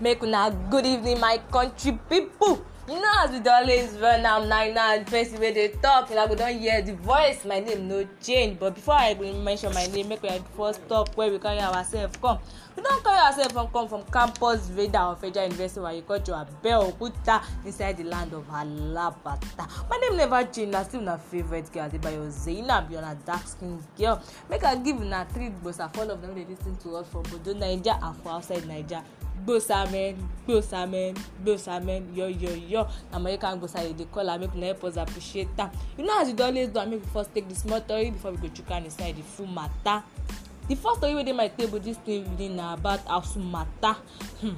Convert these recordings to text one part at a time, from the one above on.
make una good evening my country pipo you know as we dey always run am na una and person wey dey talk una go don hear the voice my name no change but before i go mention my name make we first stop where we carry ourselves come we don carry ourselves from come from campus radar of federal university of agriculture abeokuta inside the land of alabata my name never change na still una favourite girl adebayo zainab your na dark skin girl make i give una three gbosa for all of them dey lis ten to us for bodo naija and for outside naija gbosa men gbosa men gbosa men yo yo yo na american gbosa dey dey call am make una help us appreciate am you know as we dey always do am make we first take the small tori before we go chook hand inside the full matter the first tori wey dey my table this evening na about asu matter hmm.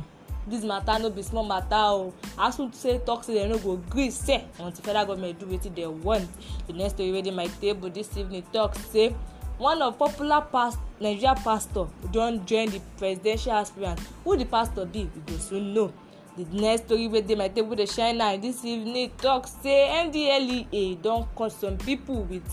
this matter no be small matter o asu say talk say dem no go gree sell until federal government do wetin dem want the next story wey dey my table this evening talk say one of popular pastors nigeria pastor don join the presidential aspirant who the pastor be we go soon know the next story wey dey my table dey shine now this evening talk say ndlea don cut some people with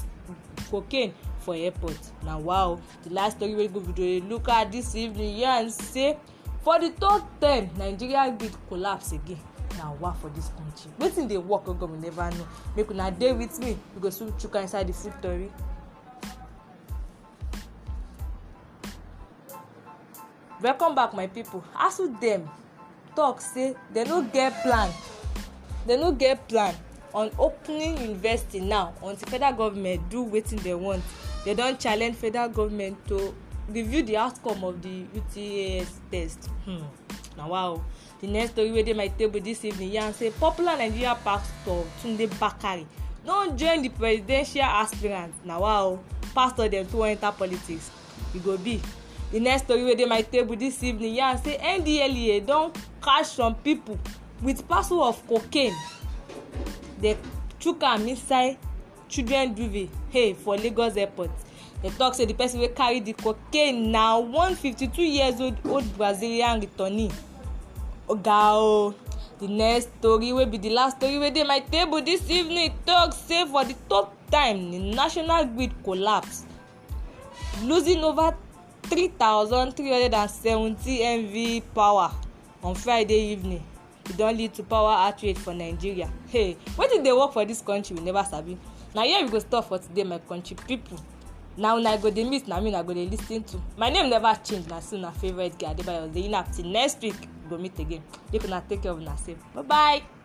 cocaine for airport na wow the last story wey we go dey look at this evening yarn say for the third time nigeria grid collapse again na wa for this country wetin dey work ogan we never know make una dey with me we go soon chuka inside the food tori welcome back my people asu dem talk say dem no get plan dem no get plan on opening university now until federal government do wetin dem want dem don challenge federal government to review the outcome of the utas test hmm. na wow the next story wey dey my table this evening yarn say popular nigeria pastor tunde bakare don join the presidential aspirant na wow pastor dem too wan enter politics e go be The next story wey dey my table this evening yarn say ndlea don catch some people with parcel of cocaine dey chook am inside children duvet hey, for lagos airport dem tok say the person wey carry the cocaine na one fifty-two years old old brazilian returnee oga o The next story wey be the last story wey dey my table this evening tok say for the top time the national grid collapse losing over 3370 mv power on friday evening e don lead to power outrage for nigeria hey wetin dey work for dis country we never sabi na here we go stop for today my country pipo na una go dey meet. na me una go dey lis ten to my name never change na still una favourite girl adebayo ozeyin na till next week we go meet again make una take care of una sef bye bye.